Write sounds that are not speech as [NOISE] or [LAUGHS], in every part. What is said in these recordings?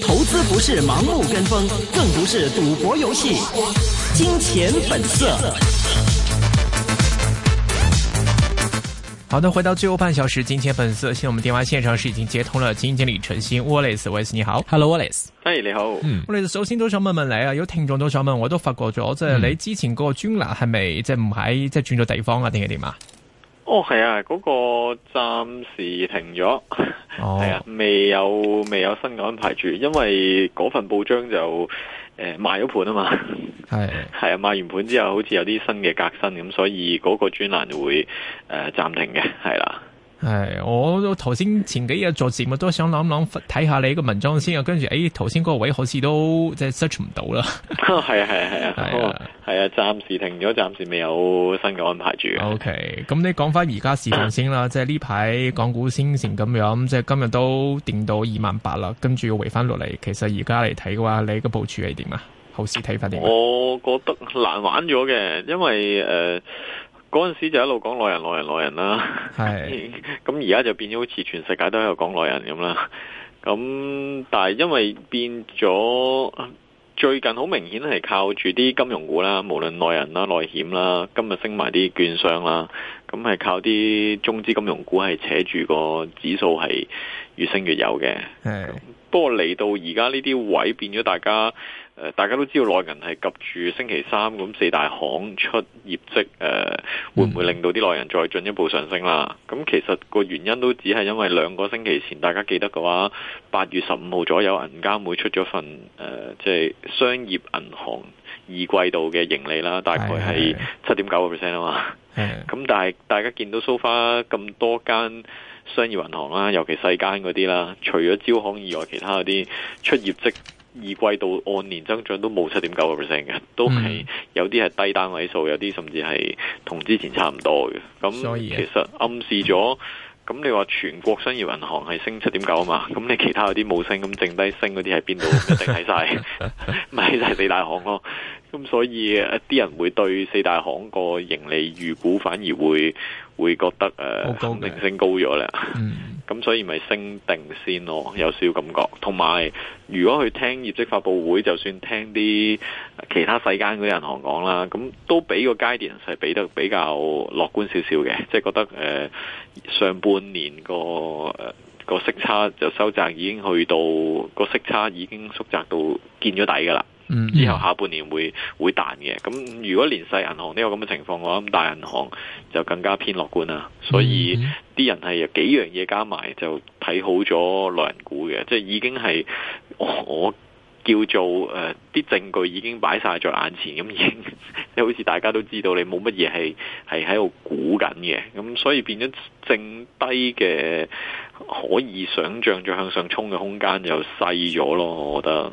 投資不是盲目跟風，更不是賭博遊戲。金錢本色。好的，回到最後半小時，金錢本色。現在我們電話線上是已經接通了，基金經理陳昕，Wallace，Wallace 你好，Hello Wallace，Hey 你好，Hello, Wallace 嗯，我哋、hey, 嗯、首先都想問問你啊，有聽眾都想問，我都發覺咗，即係你之前個專欄係咪即係唔喺，即係轉咗地方啊？定係點啊？哦，係啊，嗰、那個暫時停咗，係啊、哦，未有未有新嘅安排住，因為嗰份報章就誒、呃、賣咗盤啊嘛，係係啊，賣完盤之後，好似有啲新嘅革新，咁所以嗰個專欄就會誒暫、呃、停嘅，係啦。係，我頭先前幾日做節目都想諗諗，睇下你個文章先了了，哦，啊。跟住，誒，頭先嗰個位好似都即係 search 唔到啦。係係係啊，係啊，係、哦、啊，暫時停咗，暫時未有新嘅安排住。O K，咁你講翻而家市場先啦，嗯，即係呢排港股先成咁樣，即係今日都定到二萬八啦，跟住要回翻落嚟。其實而家嚟睇嘅話，你個部署係點啊？後市睇法點？我覺得難玩咗嘅，因為誒。呃嗰陣時就一路講內銀內銀內銀啦，係咁而家就變咗好似全世界都喺度講內銀咁啦。咁但係因為變咗最近好明顯係靠住啲金融股啦，無論內銀啦，內險啦，今日升埋啲券商啦，咁係靠啲中資金融股係扯住個指數係越升越有嘅。誒的，不過嚟到而家呢啲位變咗，大家。大家都知道內銀係及住星期三咁四大行出業績，誒、呃、會唔會令到啲內銀再進一步上升啦？咁、mm。其實個原因都只係因為兩個星期前，大家記得嘅話，八月十五號左右銀監會出咗份誒，即、呃、係、就是、商業銀行二季度嘅盈利啦，大概係七點九個 percent 啊嘛。咁但係大家見到 so far 咁多間商業銀行啦，尤其細間嗰啲啦，除咗招行以外，其他嗰啲出業績。二季度按年增長都冇七點九個 percent 嘅，都係、嗯、有啲係低單位數，有啲甚至係同之前差唔多嘅。咁其實暗示咗，咁你話全國商業銀行係升七點九吖嘛？咁你其他嗰啲冇升，咁剩低升嗰啲喺邊度？一定喺曬，咪就係四大行咯、啊。咁所以一啲人會對四大行個盈利預估，反而會會覺得誒，明顯、啊、升高咗啦。嗯。咁所以咪升定先咯，有少感覺。同埋，如果去聽業績發佈會，就算聽啲其他細間啲銀行講啦，咁都俾個 guidance 係俾得比較樂觀少少嘅，即係覺得誒上半年個誒個息差就收窄，已經去到個息差已經縮窄到見咗底噶啦。之後下半年會會彈嘅，咁如果連細銀行呢個咁嘅情況，我諗，大銀行就更加偏樂觀啦。所以啲人係幾樣嘢加埋就睇好咗內銀股嘅，即係已經係我，我叫做誒，啲、呃、證據已經擺晒在眼前，咁已經你 [LAUGHS] 好似大家都知道你冇乜嘢係係喺度估緊嘅，咁所以變咗剩低嘅可以想象再向上衝嘅空間就細咗咯，我覺得。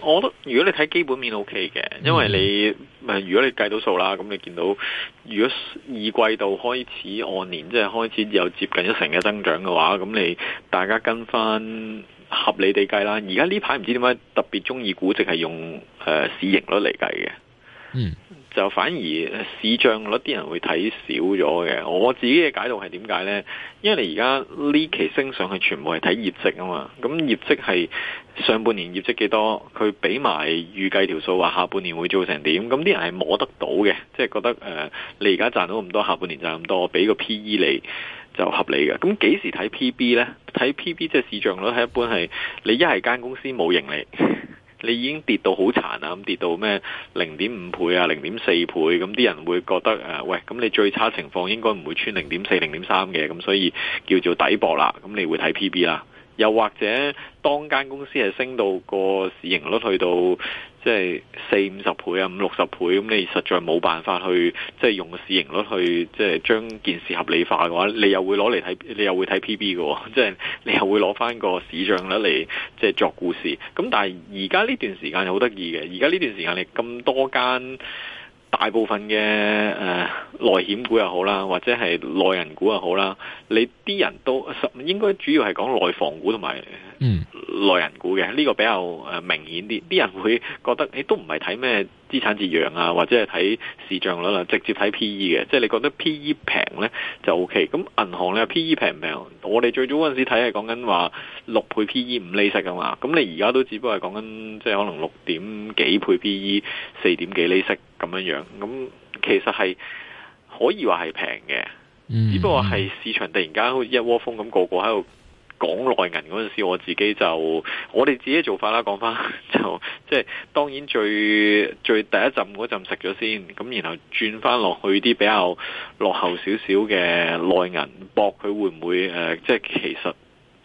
我覺得如果你睇基本面 O K 嘅，因為你唔、嗯、如果你計到數啦，咁你見到如果二季度開始按年即係開始有接近一成嘅增長嘅話，咁你大家跟翻合理地計啦。而家呢排唔知點解特別中意估值係用誒、呃、市盈率嚟計嘅。嗯。就反而市賬率啲人會睇少咗嘅，我自己嘅解讀係點解呢？因為你而家呢期升上去，全部係睇業績啊嘛。咁業績係上半年業績幾多，佢俾埋預計條數話下半年會做成點，咁啲人係摸得到嘅，即係覺得誒、呃，你而家賺到咁多，下半年賺咁多，我俾個 P E 你就合理嘅。咁幾時睇 P B 呢？睇 P B 即係市賬率係一般係你一係間公司冇盈利，你已經跌到好殘啦，咁跌到咩零點五倍啊，零點四倍，咁啲人會覺得誒，喂，咁你最差情況應該唔會穿零點四、零點三嘅，咁所以叫做抵博啦，咁你會睇 PB 啦。又或者，當間公司係升到個市盈率去到即係四五十倍啊，五六十倍咁，你實在冇辦法去即係用個市盈率去即係將件事合理化嘅話，你又會攞嚟睇，你又會睇 P B 嘅，即係你又會攞翻個市賬率嚟即係作故事。咁但係而家呢段時間好得意嘅，而家呢段時間你咁多間。大部分嘅誒、呃、內險股又好啦，或者係內銀股又好啦，你啲人都十應該主要係講內房股同埋嗯。內銀股嘅呢個比較誒明顯啲，啲人會覺得你、欸、都唔係睇咩資產折讓啊，或者係睇市賬率啦，直接睇 P E 嘅，即係你覺得 P E 平呢就 OK。咁銀行呢 P E 平唔平？我哋最早嗰陣時睇係講緊話六倍 P E 五厘息噶嘛，咁你而家都只不過係講緊即係可能六點幾倍 P E 四點幾厘息咁樣樣，咁其實係可以話係平嘅，只不過係市場突然間好似一窩蜂咁個個喺度。講內銀嗰陣時，我自己就我哋自己做法啦。講翻就即係當然最最第一浸嗰浸食咗先，咁然後轉翻落去啲比較落後少少嘅內銀，博佢會唔會誒、呃？即係其實。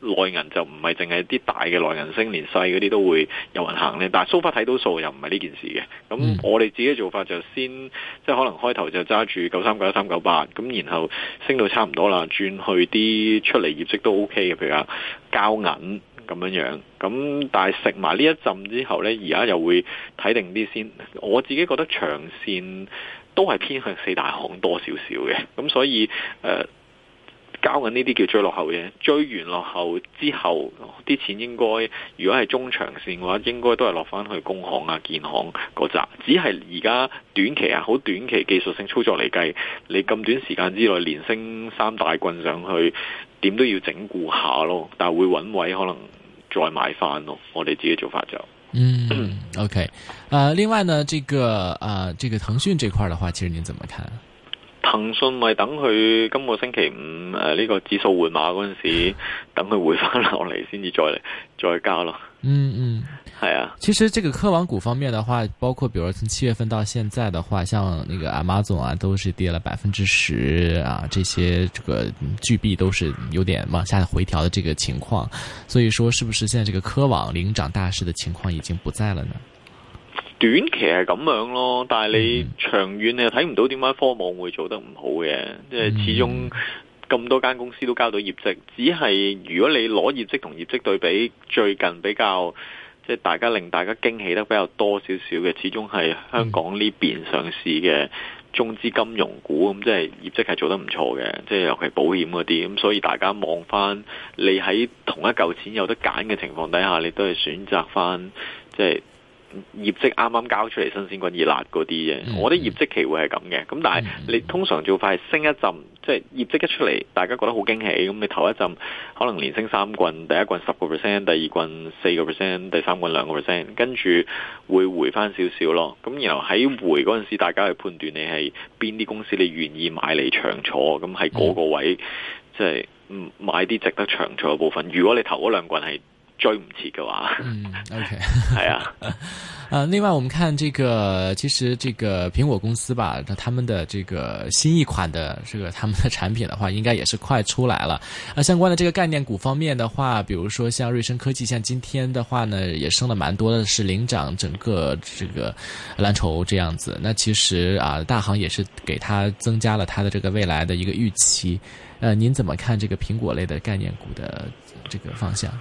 內銀就唔係淨係啲大嘅內銀升，連細嗰啲都會有人行咧。但係 so far 睇到數又唔係呢件事嘅。咁我哋自己做法就先，即係可能開頭就揸住九三九一三九八，咁然後升到差唔多啦，轉去啲出嚟業績都 OK 嘅，譬如話交銀咁樣樣。咁但係食埋呢一陣之後呢，而家又會睇定啲先。我自己覺得長線都係偏向四大行多少少嘅。咁所以誒。呃交緊呢啲叫追落後嘅，追完落後之後，啲錢應該如果係中長線嘅話，應該都係落翻去工行啊、建行嗰扎。只係而家短期啊，好短期技術性操作嚟計，你咁短時間之內連升三大棍上去，點都要整固下咯。但會揾位可能再買翻咯。我哋自己做法就嗯，OK。啊，另外呢，這個啊，uh, 這個騰訊呢塊嘅話，其實您怎麼看？騰訊咪等佢今個星期五誒呢，呃這個指數換馬嗰陣時，等佢回翻落嚟先至再嚟再加咯。嗯嗯，係、嗯、啊。其實這個科網股方面的話，包括比如從七月份到現在的話，像那個 Amazon 啊，都是跌了百分之十啊，這些這個巨幣都是有點往下回調的這個情況。所以說，是不是現在這個科網領漲大市的情況已經不在了呢？短期係咁樣咯，但係你長遠你又睇唔到點解科網會做得唔好嘅，即係始終咁多間公司都交到業績。只係如果你攞業績同業績對比，最近比較即係大家令大家驚喜得比較多少少嘅，始終係香港呢邊上市嘅中資金融股咁，即係業績係做得唔錯嘅，即係尤其保險嗰啲。咁所以大家望翻你喺同一嚿錢有得揀嘅情況底下，你都係選擇翻即係。業績啱啱交出嚟，新鮮滾熱辣嗰啲嘅，我啲業績期會係咁嘅。咁但係你通常做法係升一陣，即係業績一出嚟，大家覺得好驚喜。咁你頭一陣，可能連升三棍，第一棍十個 percent，第二棍四個 percent，第三棍兩個 percent，跟住會回翻少少咯。咁然後喺回嗰陣時，大家去判斷你係邊啲公司你願意買嚟長坐，咁係嗰個位，即係唔買啲值得長坐嘅部分。如果你頭嗰兩棍係。追唔切嘅話，嗯，嗯，OK，係啊 [LAUGHS] [LAUGHS] 呃，另外我們看這個，其實這個蘋果公司吧，他們的這個新一款的這個他們的產品的話，應該也是快出來了。啊、呃，相關的這個概念股方面的話，比如說像瑞聲科技，像今天的話呢，也升了蠻多，的，是領漲整個這個藍籌這樣子。那其實啊，大行也是給它增加了它的這個未來的一個預期。呃，您怎麼看這個蘋果類的概念股的這個方向？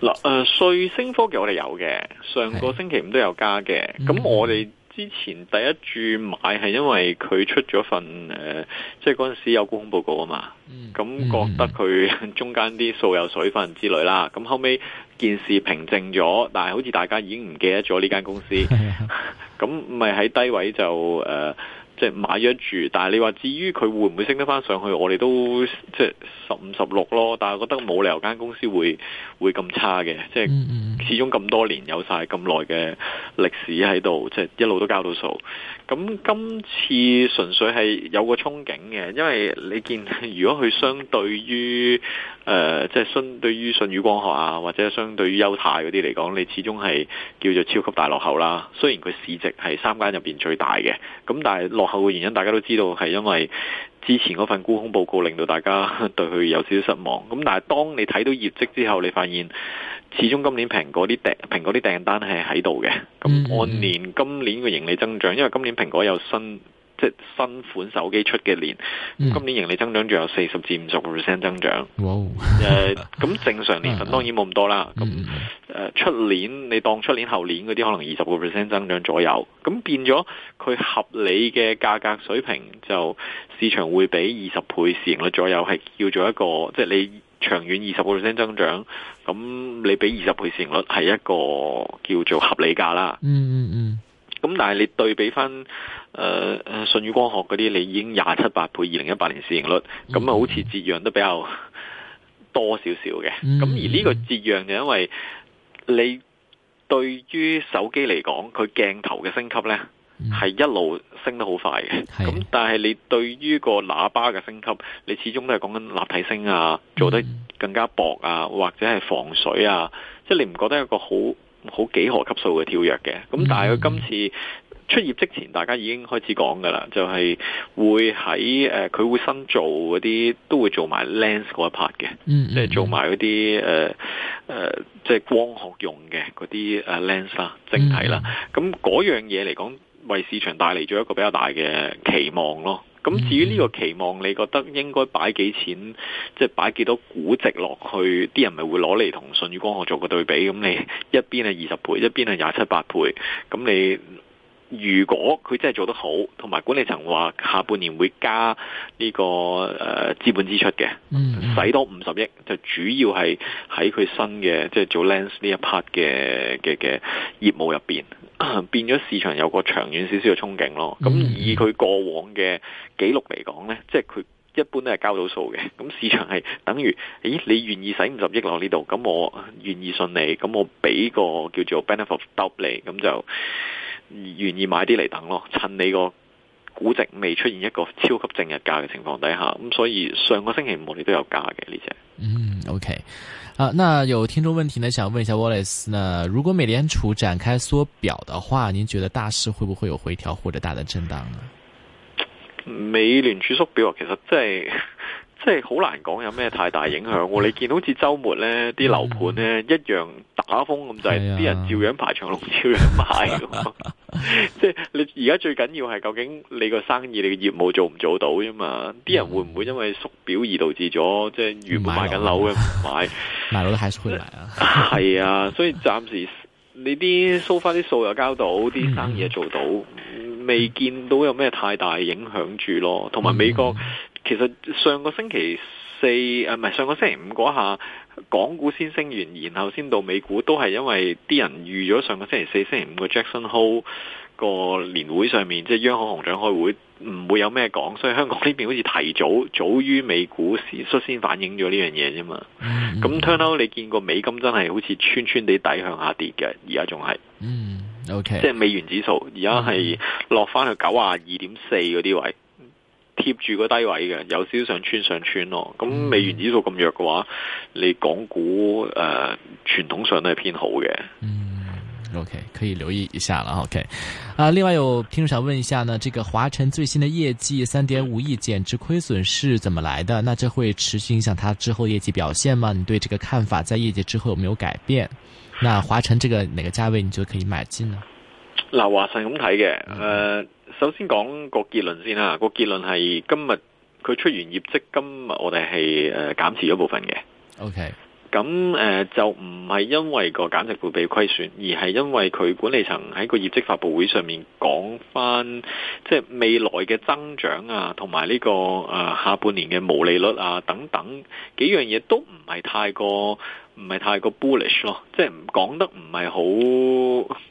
嗱，誒、呃，瑞聲科技我哋有嘅，上個星期五都有加嘅。咁的我哋之前第一注買係因為佢出咗份誒、呃，即係嗰陣時有沽空報告啊嘛。咁、嗯、覺得佢中間啲數有水分之類啦。咁後尾件事平靜咗，但係好似大家已經唔記得咗呢間公司。咁咪喺低位就誒。呃即係買咗住，但係你話至於佢會唔會升得翻上去，我哋都即係十五十六咯。但係我覺得冇理由間公司會會咁差嘅，即係始終咁多年有晒咁耐嘅歷史喺度，即係一路都交到數。咁今次純粹係有個憧憬嘅，因為你見如果佢相對於誒即係相對於信宇光學啊，或者相對於優泰嗰啲嚟講，你始終係叫做超級大落後啦。雖然佢市值係三間入邊最大嘅，咁但係落後嘅原因大家都知道，係因為之前嗰份沽空報告令到大家 [LAUGHS] 對佢有少少失望。咁但係當你睇到業績之後，你發現始終今年蘋果啲訂蘋果啲訂單係喺度嘅。咁按年今年嘅盈利增長，因為今年蘋果有新即新款手機出嘅年，嗯、今年盈利增長仲有四十至五十個 percent 增長。誒哇、哦，咁、 [LAUGHS] 呃、正常年份當然冇咁多啦。咁誒、嗯，出、呃、年你當出年後年嗰啲可能二十個 percent 增長左右。咁變咗佢合理嘅價格水平，就市場會俾二十倍市盈率左右，係叫做一個即係你長遠二十個 percent 增長。咁你俾二十倍市盈率係一個叫做合理價啦。嗯嗯嗯。咁但係你對比翻，誒、呃、誒舜宇光學嗰啲，你已經廿七八倍二零一八年市盈率，咁啊、嗯、好似節揚都比較多少少嘅。咁、嗯、而呢個節揚就因為你對於手機嚟講，佢鏡頭嘅升級呢，係、嗯、一路升得好快嘅。咁是但係你對於個喇叭嘅升級，你始終都係講緊立體聲啊，做得更加薄啊，或者係防水啊，即係你唔覺得一個好好幾何級數嘅跳躍嘅，咁但係佢今次出業績前，大家已經開始講嘅啦，就係、是、會喺誒佢會新做嗰啲都會做埋 Lens 嗰一 part 嘅、嗯呃呃，即係做埋嗰啲誒誒即係光學用嘅嗰啲誒 Lens 啦，整體啦，咁嗰、嗯、樣嘢嚟講，為市場帶嚟咗一個比較大嘅期望咯。咁、mm hmm. 至於呢個期望，你覺得應該擺幾錢？即係擺幾多估值落去？啲人咪會攞嚟同信宇光學做個對比。咁你一邊係二十倍，一邊係廿七八倍，咁你。如果佢真係做得好，同埋管理層話下半年會加呢個誒資本支出嘅，使、mm hmm. 多五十億，就主要係喺佢新嘅即係、就、做、是、Lens 呢一 part 嘅嘅嘅業務入邊， [COUGHS] 變咗市場有個長遠少少嘅憧憬咯。咁、mm hmm. 以佢過往嘅記錄嚟講呢，即係佢一般都係交到數嘅。咁市場係等於，咦？你願意使五十億落呢度，咁我願意信你，咁我俾個叫做 benefit of doubt 你咁就。願意買啲嚟等咯，趁你個估值未出現一個超級正日價嘅情況底下，咁所以上個星期五我哋都有加嘅呢隻。隻嗯，OK，啊，那有聽眾問題呢，想問一下 Wallace 呢？如果美聯儲展開縮表的話，您覺得大市會不會有回調或者大的震盪呢？美聯儲縮表其實真係。即係好難講有咩太大影響喎？你見好似周末呢啲樓盤咧一樣打風咁就係，啲人照樣排長龍照樣買。即係你而家最緊要係究竟你個生意、你個業務做唔做到啫嘛？啲人會唔會因為縮表而導致咗即係原本買緊樓嘅唔買？買樓都係會買啊？係啊，所以暫時你啲收翻啲數又交到，啲生意又做到，未見到有咩太大影響住咯。同埋美國。其實上個星期四誒，唔、啊、係上個星期五嗰下，港股先升完，然後先到美股，都係因為啲人預咗上個星期四、星期五 Jack 個 Jackson Hole 個年會上面，即、就、係、是、央行行長開會唔會有咩講，所以香港呢邊好似提早早於美股市率先反映咗呢樣嘢啫嘛。咁、mm hmm. turn out 你見過美金真係好似穿穿地底向下跌嘅，而家仲係。嗯，O K，即係美元指數而家係落翻去九啊二點四嗰啲位。貼住個低位嘅，有少少上穿上穿咯、哦。咁美元指數咁弱嘅話，你港股誒傳、呃、統上都係偏好嘅。嗯，OK，可以留意一下啦。OK，啊，另外有聽眾想問一下呢，這個華晨最新的業績三點五億減值虧損是怎麼來的？那這會持續影響它之後業績表現嗎？你對這個看法在業績之後有沒有改變？那華晨這個哪個價位你就可以買進呢？嗱，華晨咁睇嘅，誒 Okay.、呃，首先講個結論先啦。個結論係今日佢出完業績，今日我哋係誒減持咗部分嘅。OK，咁誒就唔係因為個減值部被虧損，而係因為佢管理層喺個業績發佈會上面講翻，即、就、係、是、未來嘅增長啊，同埋呢個誒、呃、下半年嘅毛利率啊等等幾樣嘢都唔係太過。唔係太過 bullish 咯，即係講得唔係好，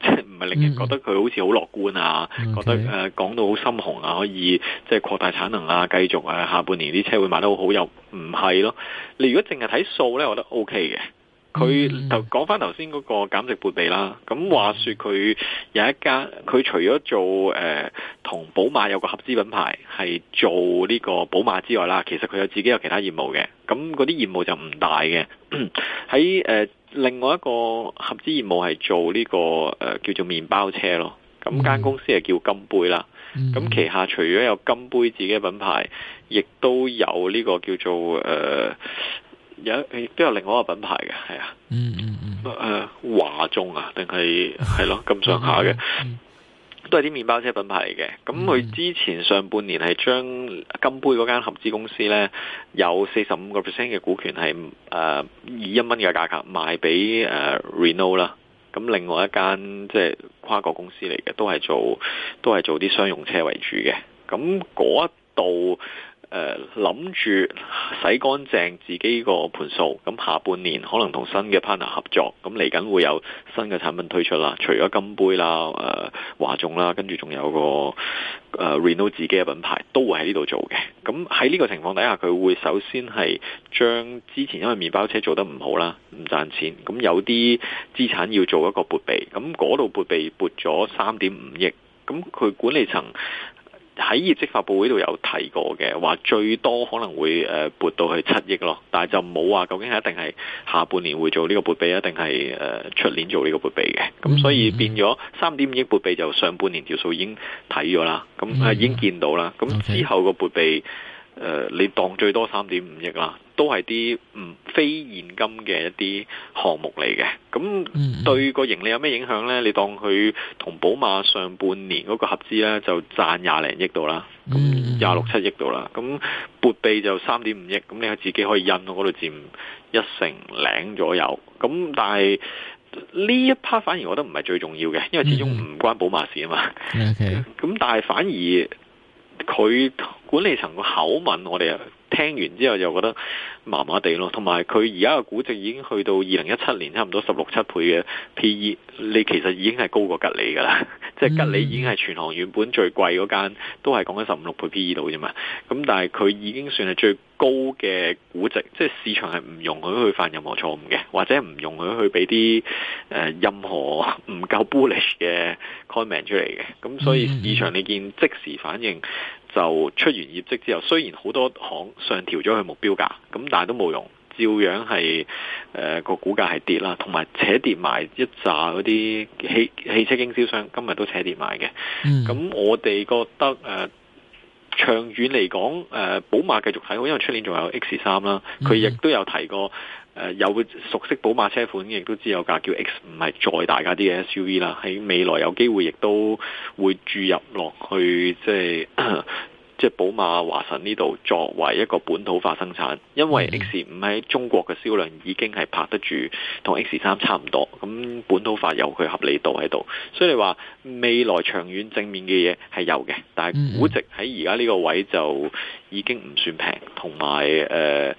即係唔係令人覺得佢好似好樂觀啊，Okay. 覺得誒講到好心寒啊，可以即係擴大產能啊，繼續誒、啊、下半年啲車會賣得好好又唔係咯，你如果淨係睇數咧，我覺得 O K 嘅。佢頭講翻頭先嗰個減值撥備啦，咁話說佢有一間，佢除咗做誒同、呃、寶馬有個合資品牌係做呢個寶馬之外啦，其實佢有自己有其他業務嘅，咁嗰啲業務就唔大嘅。喺誒、呃、另外一個合資業務係做呢、這個誒、呃、叫做麪包車咯，咁間公司係叫金杯啦，咁、嗯、旗下除咗有金杯自己嘅品牌，亦都有呢個叫做誒。呃有誒，都有另外一個品牌嘅，係、嗯嗯、啊，嗯華中啊，定係係咯咁上下嘅，嗯嗯、都係啲麵包車品牌嚟嘅。咁佢之前上半年係將金杯嗰間合資公司呢，有四十五個 percent 嘅股權係誒以一蚊嘅價格賣俾誒、呃、Renault 啦。咁另外一間即係跨國公司嚟嘅，都係做都係做啲商用車為主嘅。咁嗰一度。誒諗住洗乾淨自己個盤數，咁下半年可能同新嘅 partner 合作，咁嚟緊會有新嘅產品推出啦。除咗金杯啦、誒、呃、華眾啦，跟住仲有個誒 Renault 自己嘅品牌都會喺呢度做嘅。咁喺呢個情況底下，佢會首先係將之前因為麪包車做得唔好啦，唔賺錢，咁有啲資產要做一個撥備，咁嗰度撥備撥咗三點五億，咁佢管理層。喺業績發布會度有提過嘅，話最多可能會誒撥到去七億咯，但係就冇話究竟係一定係下半年會做呢個撥備，一定係誒出年做呢個撥備嘅。咁、mm hmm. 所以變咗三點五億撥備就上半年條數已經睇咗啦，咁、嗯、係、mm hmm. 已經見到啦。咁之後個撥備。Okay. 誒、呃，你當最多三點五億啦，都係啲唔非現金嘅一啲項目嚟嘅。咁對個盈利有咩影響呢？你當佢同寶馬上半年嗰個合資呢，就賺廿零億到啦，廿六七億到啦。咁撥備就三點五億，咁你自己可以印嗰度佔一成零左，左右。咁但係呢一 part 反而我覺得唔係最重要嘅，因為始終唔關寶馬事啊嘛。咁 Okay. 但係反而。佢管理層個口吻，我哋啊～聽完之後又覺得麻麻地咯，同埋佢而家嘅估值已經去到二零一七年差唔多十六七倍嘅 P/E，你其實已經係高過吉利㗎啦。即係吉利已經係全行原本最貴嗰間，都係講緊十五六倍 P/E 度啫嘛。咁但係佢已經算係最高嘅估值，即係市場係唔容許佢犯任何錯誤嘅，或者唔容許佢俾啲誒任何唔夠 bullish 嘅 comment 出嚟嘅。咁所以市場你見即時反應。就出完業績之後，雖然好多行上調咗佢目標價，咁但係都冇用，照樣係誒個股價係跌啦，同埋扯跌埋一紮嗰啲汽汽車經銷商，今日都扯跌埋嘅。咁、嗯、我哋覺得誒、呃、長遠嚟講，誒、呃、寶馬繼續睇好，因為出年仲有 X 三啦，佢亦都有提過。嗯嗯誒有熟悉寶馬車款亦都知有架叫 X 五，係再大家啲嘅 SUV 啦，喺未來有機會亦都會注入落去，即係 [COUGHS] 即係寶馬華晨呢度作為一個本土化生產，因為 X 五喺中國嘅銷量已經係拍得住同 X 三差唔多，咁本土化有佢合理度喺度，所以你話未來長遠正面嘅嘢係有嘅，但係估值喺而家呢個位就已經唔算平，同埋誒。呃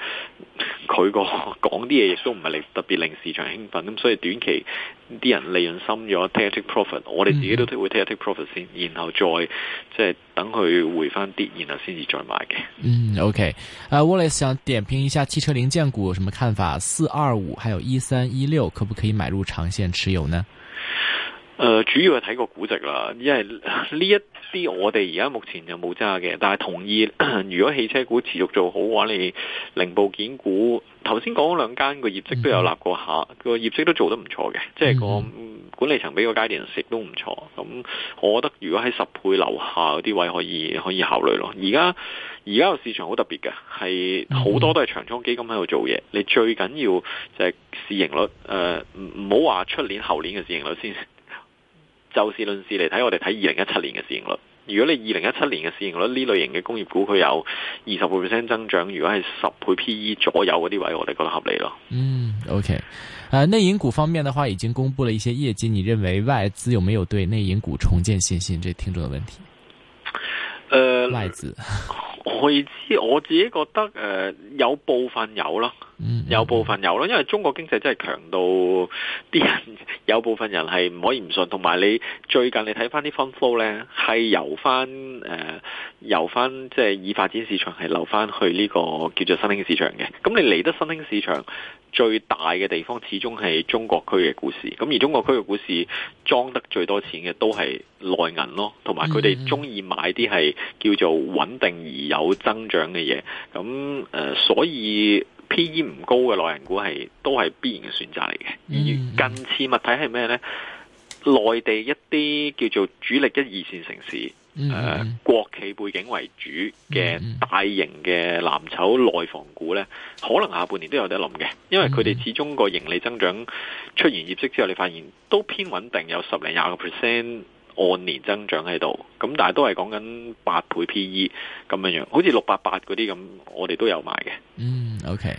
佢個講啲嘢亦都唔係令特別令市場興奮，咁所以短期啲人利潤深咗 take a take profit，我哋自己都會 take a take profit 先，然後再即係等佢回翻啲，然後先至再買嘅。嗯，OK，阿 Wallace 想點評一下汽車零件股有什麼看法？四二五，還有一三一六，可唔可以買入長線持有呢？誒、呃，主要係睇個估值啦，因為呢一啲我哋而家目前就冇揸嘅，但係同意， [COUGHS] 如果汽車股持續做好嘅話，你零部件股頭先講嗰兩間個業績都有立過下，個、嗯、哼業績都做得唔錯嘅，即係個管理層俾個階段食都唔錯。咁、嗯、哼我覺得如果喺十倍樓下嗰啲位可以可以考慮咯。而家而家個市場好特別嘅，係好多都係長倉基金喺度做嘢。你最緊要就係市盈率，誒唔唔好話出年後年嘅市盈率先。就事論事嚟睇，我哋睇二零一七年嘅市盈率。如果你二零一七年嘅市盈率，呢類型嘅工業股，佢有二十倍 percent 增長，如果係十倍 PE 左右嗰啲位，我哋覺得合理咯。嗯，OK，誒、呃，內銀股方面的話，已經公布了一些業績，你認為外資有沒有對內銀股重建信心？這聽眾的問題。誒、呃，外資，外資我，我自己覺得、呃、有部分有咯。Mm hmm. 有部分有咯，因為中國經濟真係強到啲人有部分人係唔可以唔信，同埋你最近你睇翻啲 fund flow 咧，係由翻誒、呃、由翻即係已發展市場係流翻去呢個叫做新興市場嘅。咁你嚟得新興市場最大嘅地方，始終係中國區嘅股市。咁而中國區嘅股市裝得最多錢嘅都係內銀咯，同埋佢哋中意買啲係叫做穩定而有增長嘅嘢。咁誒、呃，所以。P E 唔高嘅內銀股係都係必然嘅選擇嚟嘅。而近次物體係咩呢？內地一啲叫做主力一二線城市，誒、呃、國企背景為主嘅大型嘅藍籌內房股呢，可能下半年都有得諗嘅。因為佢哋始終個盈利增長出現業績之後，你發現都偏穩定，有十零廿個 percent。按年增長喺度，咁但係都係講緊八倍 P E 咁樣樣，好似六八八嗰啲咁，我哋都有買嘅。嗯，OK，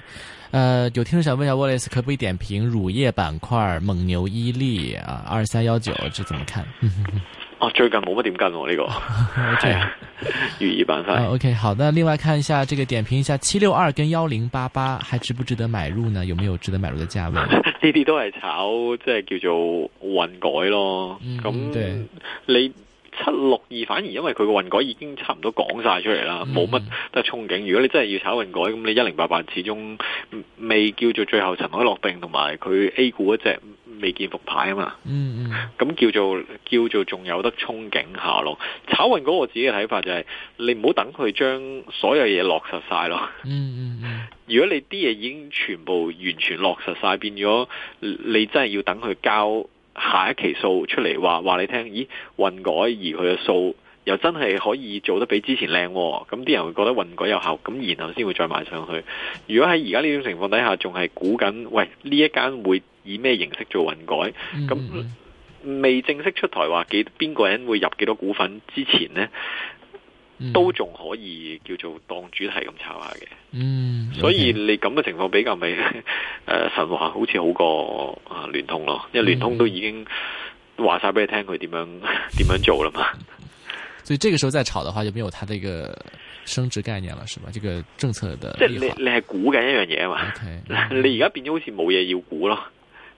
誒有聽眾想問下 Wallace，可唔可以點評乳業板塊蒙牛伊、伊利啊，二三幺九，這怎麼看？ [LAUGHS] 哦，最近冇乜點跟喎呢個，粵 Okay. [LAUGHS] 意版翻。O、okay, K，好的，那另外看一下，這個點評一下七六二跟幺零八八，還值不值得買入呢？有沒有值得買入的價位？呢啲都係炒，即、就、係、是、叫做混改咯。咁你七六二反而因為佢個混改已經差唔多講晒出嚟啦，冇乜得憧憬。如果你真係要炒混改，咁你一零八八始終未叫做最後塵埃落定，同埋佢 A 股一隻。未見復牌啊嘛，嗯嗯，咁叫做叫做仲有得憧憬下咯。炒運嗰個自己嘅睇法就係，你唔好等佢將所有嘢落實晒咯。嗯嗯，如果你啲嘢已經全部完全落實晒，變咗你真係要等佢交下一期數出嚟，話話你聽，咦運改而佢嘅數。又真係可以做得比之前靚，哦，咁啲人會覺得混改有效，咁然後先會再買上去。如果喺而家呢種情況底下，仲係估緊，喂呢一間會以咩形式做混改，咁、嗯嗯、未正式出台話幾邊個人會入幾多股份之前呢，嗯、都仲可以叫做當主題咁炒下嘅。嗯，okay. 所以你咁嘅情況比較咪、就、誒、是呃、神話，好似好過啊聯通咯，因為聯通都已經話晒俾你聽佢點樣點樣做啦嘛。所以這個時候再炒的話就沒有它的一個升值概念了，是吧？這個政策的即係你你係估緊一樣嘢啊嘛。O Okay , K，、um, [LAUGHS] 你而家變咗好似冇嘢要估咯。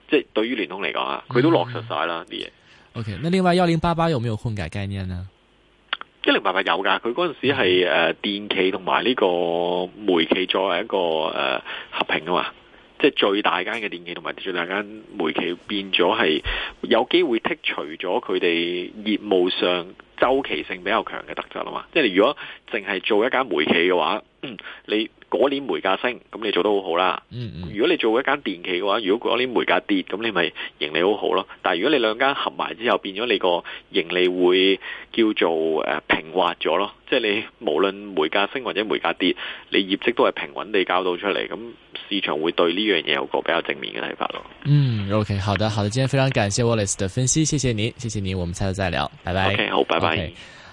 即係對於聯通嚟講啊，佢都落實晒啦啲嘢。嗯、o、okay, K，那另外一零八八有沒有混改概念呢？一零八八有噶，佢嗰陣時係誒電企同埋呢個煤企作為一個誒合併啊嘛，即、就、係、是、最大間嘅電企同埋最大間煤企變咗係有機會剔除咗佢哋業務上。周期性比較強嘅特質啦嘛，即係如果淨係做一間煤企嘅話，你。嗰年煤價升，咁你做得好好啦。嗯嗯，嗯，如果你做一間電企嘅話，如果嗰年煤價跌，咁你咪盈利好好咯。但係如果你兩間合埋之後，變咗你個盈利會叫做誒平滑咗咯。即係你無論煤價升或者煤價跌，你業績都係平穩地交到出嚟，咁市場會對呢樣嘢有個比較正面嘅睇法咯。嗯，OK，好的好的，今天非常感謝 Wallace 的分析，謝謝您，謝謝您，我們下次再聊，拜拜。OK，好，拜拜。Okay.